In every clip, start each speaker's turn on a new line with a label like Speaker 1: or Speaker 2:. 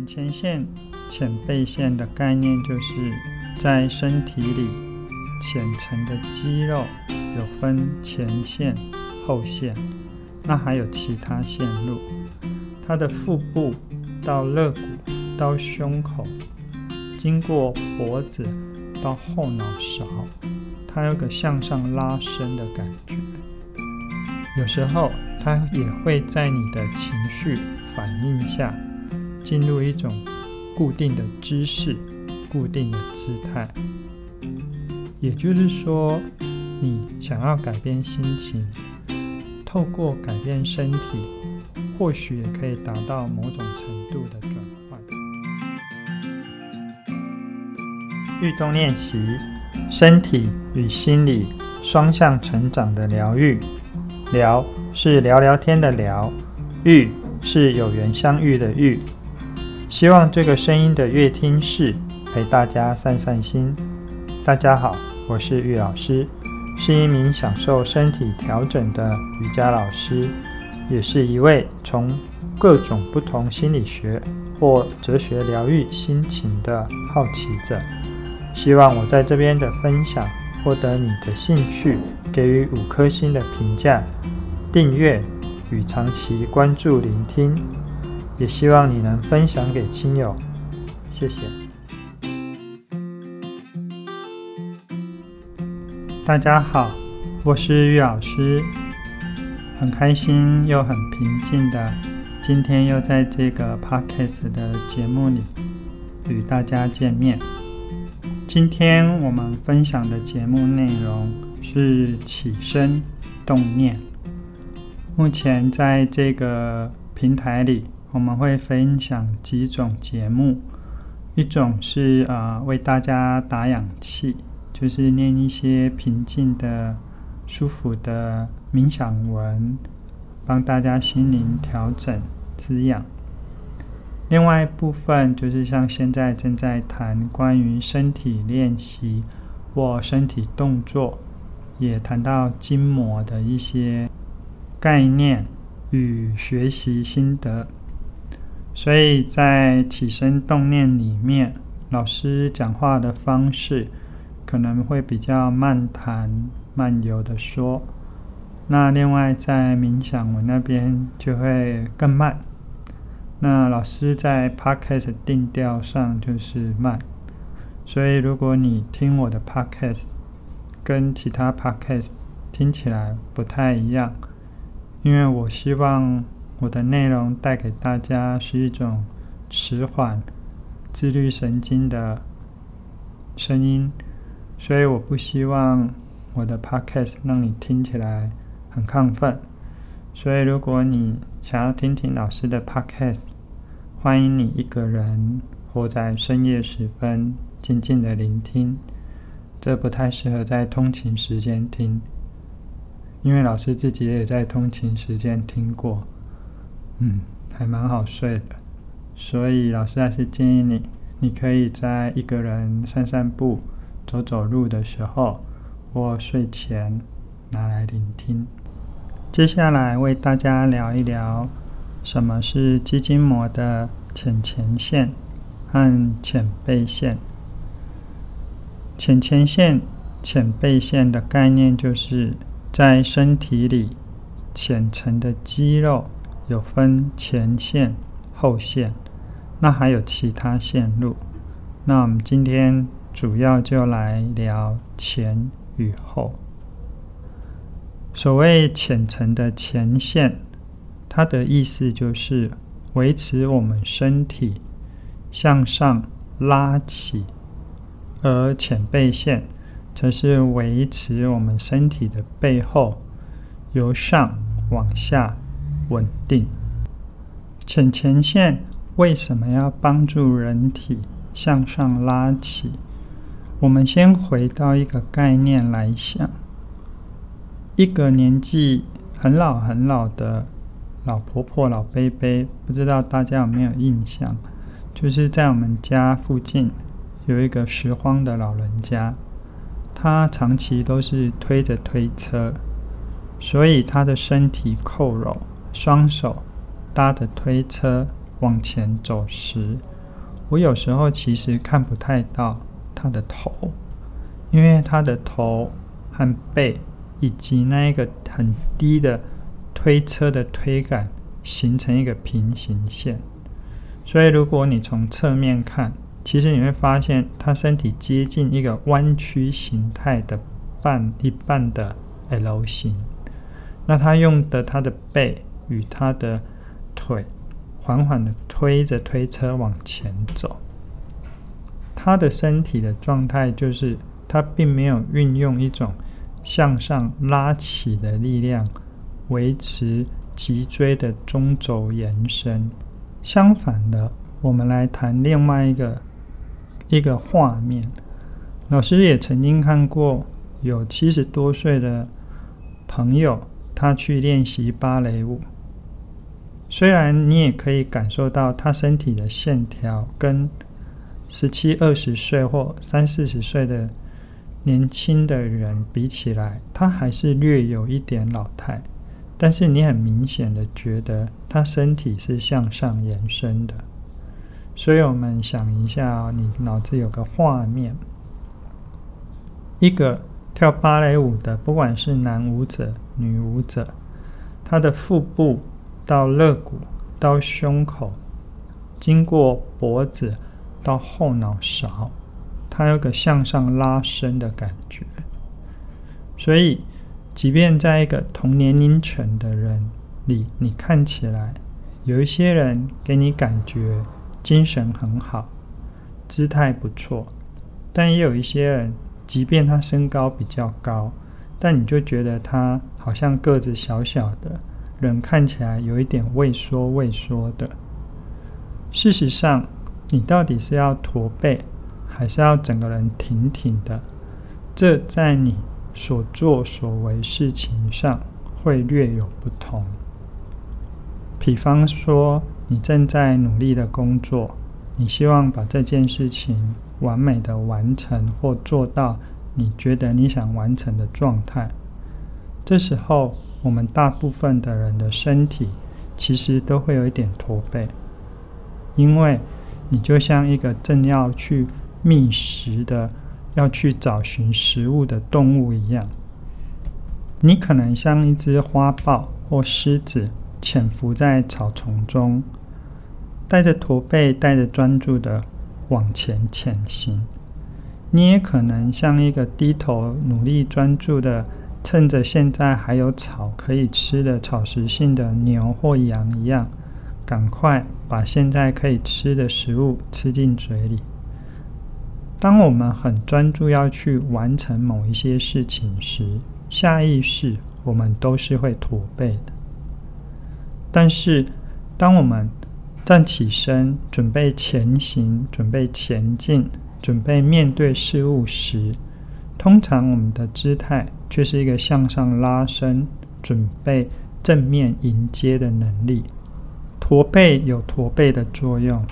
Speaker 1: 淺前，前線、淺背線的概念就是，在身體裡淺層的肌肉有分前線、後線，那還有其他線路。它的腹部到肋骨到胸口，經過脖子到後腦勺，它有個向上拉伸的感覺。有時候它也會在你的情緒反應下。進入一種固定的姿勢，固定的姿態，也就是說，你想要改變心情，透過改變身體，或許也可以達到某種程度的轉換。運動練習，身體與心理雙向成長的療癒。療是聊聊天的聊，癒是有緣相遇的遇。希望這個聲音的悅聽室陪大家散散心。大家好，我是玉老師，是一名享受身體調整的瑜伽老師，也是一位從各種不同心理學或哲學療癒心情的好奇者。希望我在這邊的分享獲得你的興趣，給予五顆星的評價、訂閱與長期關注聆聽。也希望你能分享給親友，謝謝。大家好，我是玉老師，很開心又很平靜的，今天又在這個 podcast 的節目裡與大家見面。今天我們分享的節目內容是起身動念。目前在這個平台裡。我們會分享幾種節目，一種是啊、呃，為大家打氧氣，就是念一些平靜的、舒服的冥想文，幫大家心靈調整滋養。另外一部分就是像現在正在談關於身體練習或身體動作，也談到筋膜的一些概念與學習心得。所以在起身動念裡面，老師講話的方式可能會比較慢談、慢遊的說。那另外在冥想，我那邊就會更慢。那老師在 podcast 定調上就是慢，所以如果你聽我的 podcast，跟其他 podcast 聽起來不太一樣，因為我希望。我的內容帶給大家是一種遲緩、自律神經的聲音，所以我不希望我的 podcast 讓你聽起來很亢奮。所以，如果你想要聽聽老師的 podcast，歡迎你一個人活在深夜時分靜靜的聆聽。這不太適合在通勤時間聽，因為老師自己也在通勤時間聽過。嗯，還蠻好睡的，所以老師還是建議你，你可以在一個人散散步、走走路的時候，或睡前拿來聆聽、嗯。接下來為大家聊一聊什麼是肌筋膜的淺前線和淺背線。淺前線、淺背線的概念，就是在身體裡淺層的肌肉。有分前線、後線，那還有其他線路。那我們今天主要就來聊前與後。所謂淺層的前線，它的意思就是維持我們身體向上拉起，而淺背線則是維持我們身體的背後，由上往下。穩定。淺前線為什麼要幫助人體向上拉起？我們先回到一個概念來想：一個年紀很老很老的老婆婆、老伯伯，不知道大家有沒有印象？就是在我們家附近有一個拾荒的老人家，他長期都是推着推車，所以他的身體佝僂。雙手搭着推車往前走時，我有時候其實看不太到他的頭，因為他的頭和背以及那一個很低的推車的推桿形成一個平行線，所以如果你從側面看，其實你會發現他身體接近一個彎曲形態的半一半的 L 型，那他用的他的背。與他的腿緩緩的推着推車往前走，他的身體的狀態就是他並沒有運用一種向上拉起的力量維持脊椎的中軸延伸。相反的，我們來談另外一個一個畫面。老師也曾經看過有七十多歲的朋友，他去練習芭蕾舞。雖然你也可以感受到他身體的線條跟十七二十歲或三四十歲的年輕的人比起來，他還是略有一點老態，但是你很明顯的覺得他身體是向上延伸的。所以我們想一下哦，你腦子有個畫面：一個跳芭蕾舞的，不管是男舞者、女舞者，他的腹部。到肋骨，到胸口，經過脖子，到後腦勺，它有個向上拉伸的感覺。所以，即便在一個同年齡層的人裡，你看起來有一些人給你感覺精神很好，姿態不錯，但也有一些人，即便他身高比較高，但你就覺得他好像個子小小的。人看起來有一點畏縮畏縮的。事實上，你到底是要駝背，還是要整個人挺挺的？這在你所作所為事情上會略有不同。比方說，你正在努力的工作，你希望把這件事情完美的完成，或做到你覺得你想完成的狀態。這時候。我們大部分的人的身體其實都會有一點駝背，因為你就像一個正要去覓食的、要去找尋食物的動物一樣，你可能像一隻花豹或獅子，潛伏在草叢中，帶着駝背，帶着專注的往前前行；你也可能像一個低頭努力專注的。趁着現在還有草可以吃的，草食性的牛或羊一樣，趕快把現在可以吃的食物吃進嘴裡。當我們很專注要去完成某一些事情時，下意識我們都是會駝背的。但是，當我們站起身，準備前行，準備前進，準備面對事物時，通常我們的姿態卻是一個向上拉伸，準備正面迎接的能力。駝背有駝背的作用，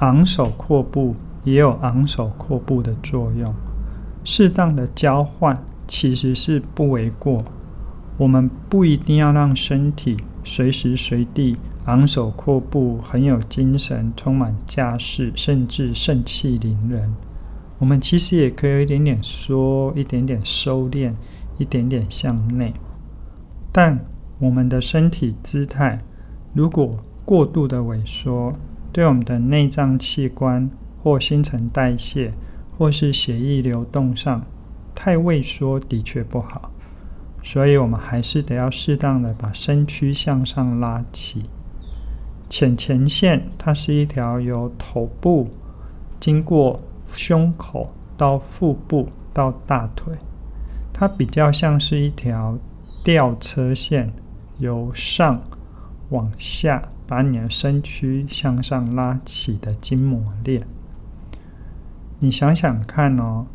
Speaker 1: 昂首闊步也有昂首闊步的作用。適當的交換其實是不為過。我們不一定要讓身體隨時隨地昂首闊步，很有精神，充滿架勢，甚至盛氣凌人。我們其實也可以有一點點縮，一點點收斂，一點點向內。但我們的身體姿態如果過度的萎縮，對我們的內臟器官或新陳代謝或是血液流動上，太萎縮的確不好。所以，我們還是得要適當的把身軀向上拉起。淺前線它是一條由頭部經過。胸口到腹部到大腿，它比較像是一條吊車線，由上往下把你的身軀向上拉起的筋膜鏈。你想想看哦，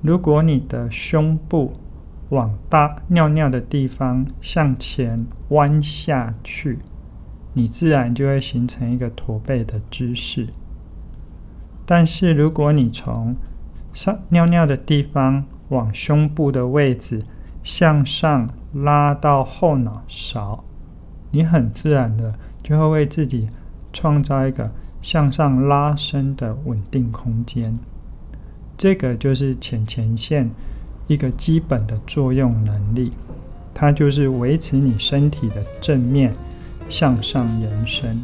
Speaker 1: 如果你的胸部往大尿尿的地方向前彎下去，你自然就會形成一個駝背的姿勢。但是，如果你從上尿尿的地方往胸部的位置向上拉到後腦勺，你很自然的就會為自己創造一個向上拉伸的穩定空間。這個就是淺前線一個基本的作用能力，它就是維持你身體的正面向上延伸。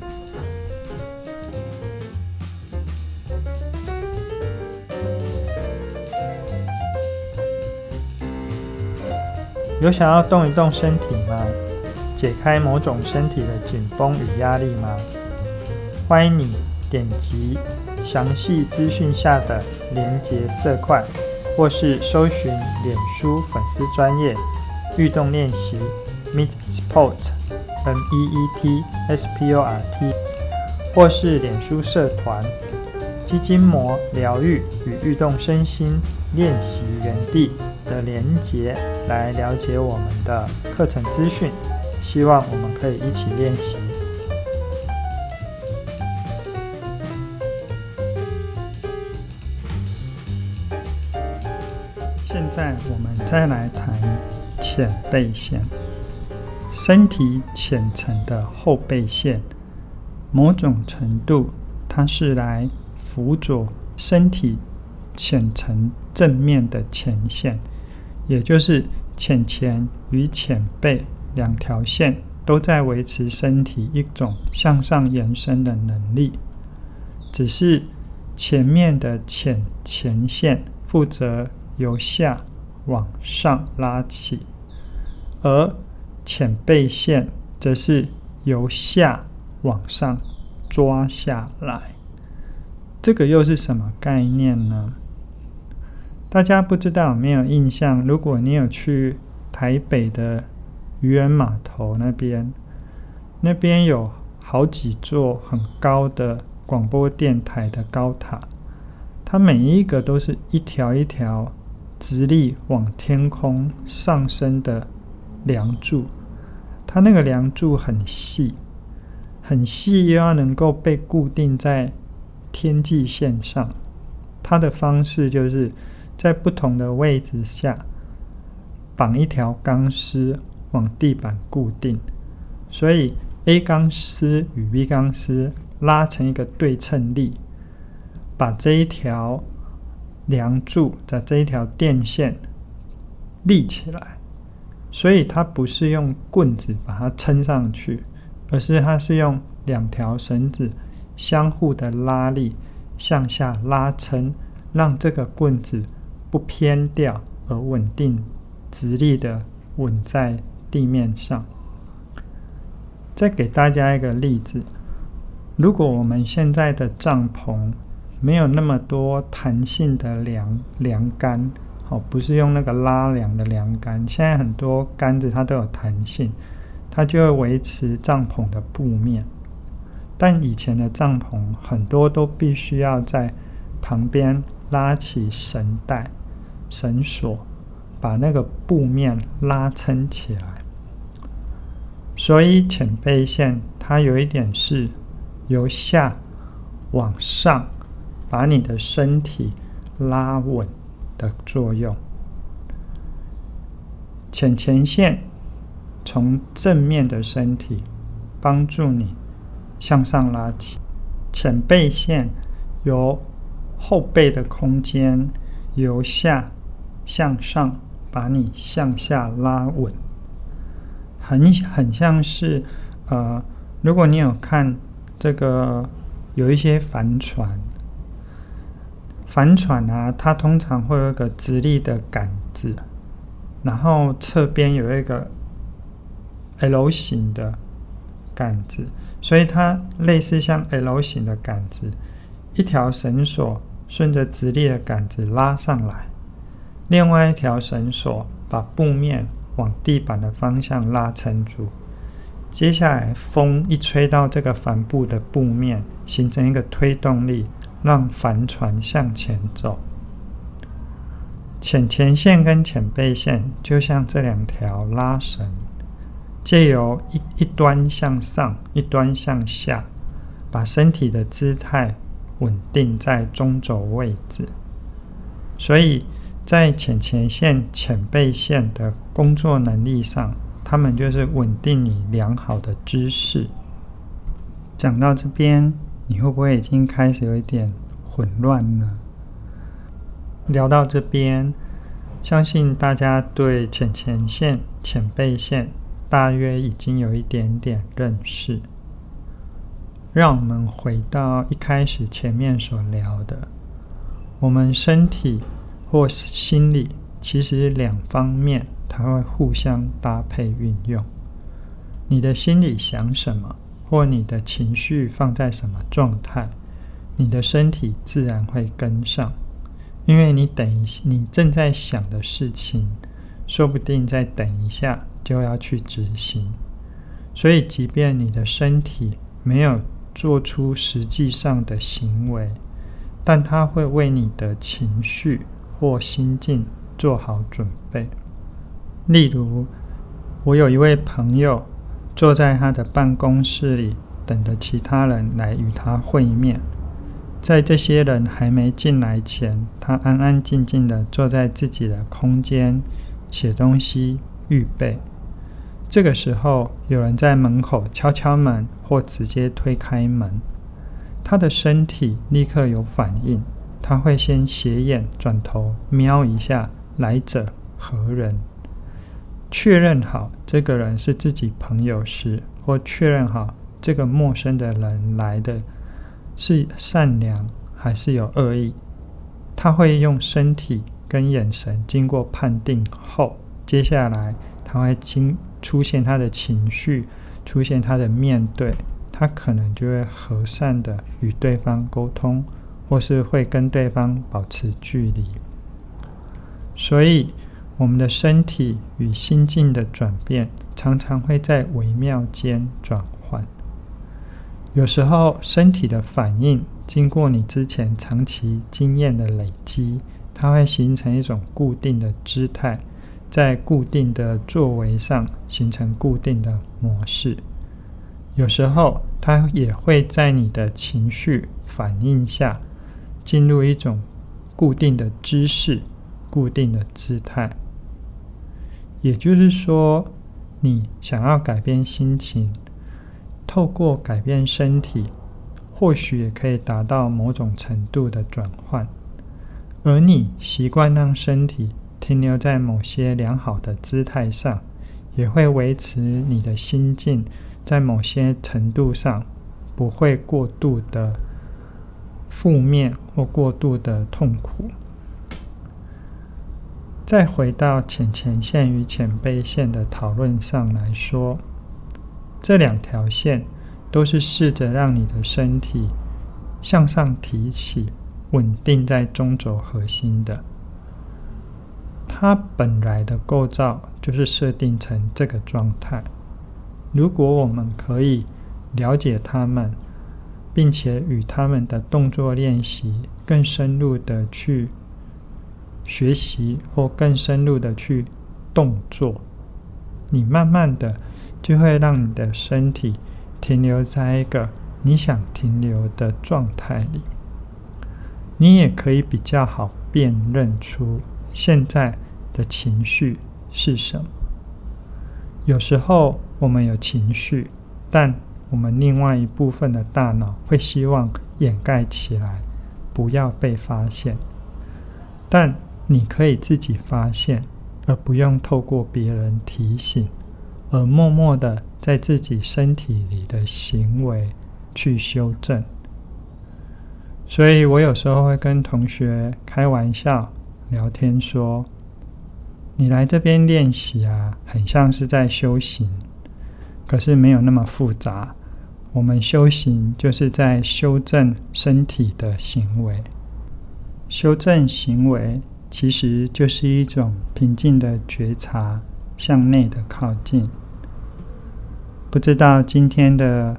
Speaker 1: 有想要動一動身體嗎？解開某種身體的緊繃與壓力嗎？歡迎你點擊詳細資訊下的連結色塊，或是搜尋臉書粉絲專頁運動練習 Meet Sport M E E T S P O R T，或是臉書社團，肌筋膜療癒與運動身心練習原地的連結，來了解我們的課程資訊。希望我們可以一起練習。現在我們再來談淺背線，身體淺層的後背線，某種程度它是來。輔佐身體淺層正面的前線，也就是淺前與淺背兩條線，都在維持身體一種向上延伸的能力。只是前面的淺前線負責由下往上拉起，而淺背線則是由下往上抓下來。這個又是什麼概念呢？大家不知道有沒有印象。如果你有去台北的漁人碼頭那邊，那邊有好幾座很高的廣播電台的高塔，它每一個都是一條一條直立往天空上升的樑柱，它那個樑柱很細，很細又要能夠被固定在。天際線上，它的方式就是在不同的位置下綁一條鋼絲往地板固定，所以 A 鋼絲與 B 鋼絲拉成一個對稱力，把這一條樑柱在這一條電線立起來。所以它不是用棍子把它撐上去，而是它是用兩條繩子。相互的拉力向下拉撐，讓這個棍子，不偏掉而穩定直立的穩在地面上。再給大家一個例子：如果我們現在的帳篷沒有那麼多彈性的梁梁桿，哦，不是用那個拉梁的梁桿，現在很多桿子它都有彈性，它就會維持帳篷的布面。但以前的帳篷很多都必須要在旁邊拉起繩帶、繩索，把那個布面拉撐起來。所以淺背線它有一點是由下往上把你的身體拉穩的作用，淺前線從正面的身體幫助你。向上拉起，前背線由後背的空間由下向上把你向下拉穩很，很很像是呃，如果你有看這個有一些帆船，帆船啊，它通常會有一個直立的桿子，然後側邊有一個 L 型的桿子。所以它類似像 L 型的杆子，一條繩索順着直立的杆子拉上來，另外一條繩索把布面往地板的方向拉撐住，接下來風一吹到這個帆布的布面，形成一個推動力，讓帆船向前走。淺前線跟淺背線就像這兩條拉繩。借由一一端向上，一端向下，把身體的姿態穩定在中軸位置。所以在淺前線、淺背線的工作能力上，他們就是穩定你良好的姿勢。講到這邊，你會不會已經開始有一點混亂呢？聊到這邊，相信大家對淺前線、淺背線。大約已經有一點點認識。讓我們回到一開始前面所聊的，我們身體或心理其實兩方面，它會互相搭配運用。你的心裡想什麼，或你的情緒放在什麼狀態，你的身體自然會跟上。因為你等一，你正在想的事情，說不定再等一下。就要去執行，所以即便你的身體沒有做出實際上的行為，但它會為你的情緒或心境做好準備。例如，我有一位朋友坐在他的辦公室裡，等着其他人來與他會面。在這些人還沒進來前，他安安靜靜地坐在自己的空間寫東西，預備。這個時候，有人在門口敲敲門，或直接推開門，他的身體立刻有反應。他會先斜眼轉頭瞄一下來者何人，確認好這個人是自己朋友時，或確認好這個陌生的人來的，是善良還是有惡意，他會用身體跟眼神經過判定後，接下來他會經出現他的情緒，出現他的面對，他可能就會和善的與對方溝通，或是會跟對方保持距離。所以，我們的身體與心境的轉變，常常會在微妙間轉換。有時候，身體的反應，經過你之前長期經驗的累積，它會形成一種固定的姿態。在固定的作為上形成固定的模式，有時候它也會在你的情緒反應下進入一種固定的姿勢、固定的姿態。也就是說，你想要改變心情，透過改變身體，或許也可以達到某種程度的轉換，而你習慣讓身體。停留在某些良好的姿態上，也會維持你的心境在某些程度上不會過度的負面或過度的痛苦。再回到淺前線與淺背線的討論上來說，這兩條線都是試着讓你的身體向上提起，穩定在中軸核心的。它本來的構造就是設定成這個狀態。如果我們可以了解他們，並且與他們的動作練習更深入的去學習，或更深入的去動作，你慢慢的就會讓你的身體停留在一個你想停留的狀態裡。你也可以比較好辨認出。現在的情緒是什麼？有時候我們有情緒，但我們另外一部分的大腦會希望掩蓋起來，不要被發現。但你可以自己發現，而不用透過別人提醒，而默默的在自己身體裡的行為去修正。所以我有時候會跟同學開玩笑。聊天說：“你來這邊練習啊，很像是在修行，可是沒有那麼複雜。我們修行就是在修正身體的行為，修正行為其實就是一種平靜的覺察，向內的靠近。不知道今天的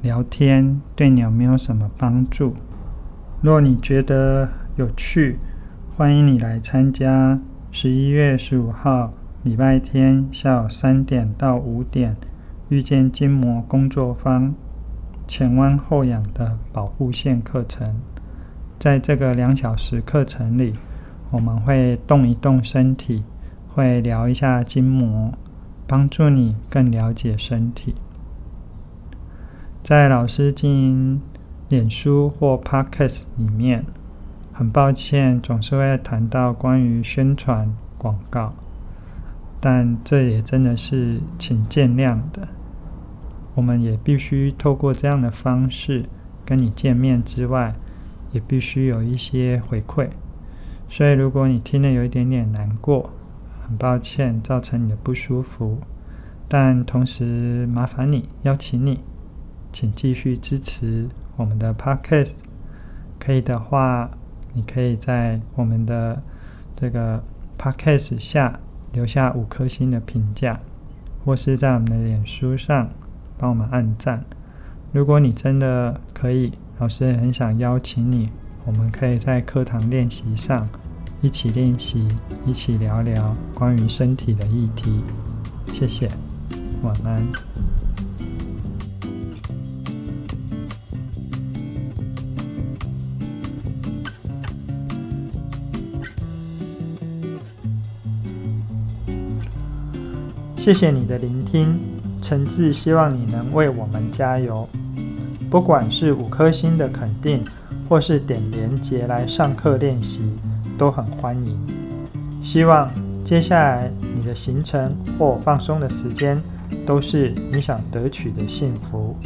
Speaker 1: 聊天對你有沒有什麼幫助？若你覺得有趣。”歡迎你來參加十一月十五號禮拜天下午三點到五點，遇見筋膜工作坊——前彎後仰的保護線課程。在這個兩小時課程裡，我們會動一動身體，會聊一下筋膜，幫助你更了解身體。在老師經營臉書或 Podcast 裡面。很抱歉，總是會談到關於宣傳廣告，但這也真的是請見諒的。我們也必須透過這樣的方式跟你見面之外，也必須有一些回饋。所以，如果你聽了有一點點難過，很抱歉造成你的不舒服，但同時麻煩你邀請你，請繼續支持我們的 Podcast。可以的話。你可以在我們的這個 podcast 下留下五顆星的評價，或是在我們的臉書上幫我們按讚。如果你真的可以，老師很想邀請你，我們可以在課堂練習上一起練習，一起聊聊關於身體的議題。謝謝，晚安。謝謝你的聆聽，誠摯希望你能為我們加油。不管是五顆星的肯定，或是點連結來上課練習，都很歡迎。希望接下來你的行程或放鬆的時間，都是你想得取的幸福。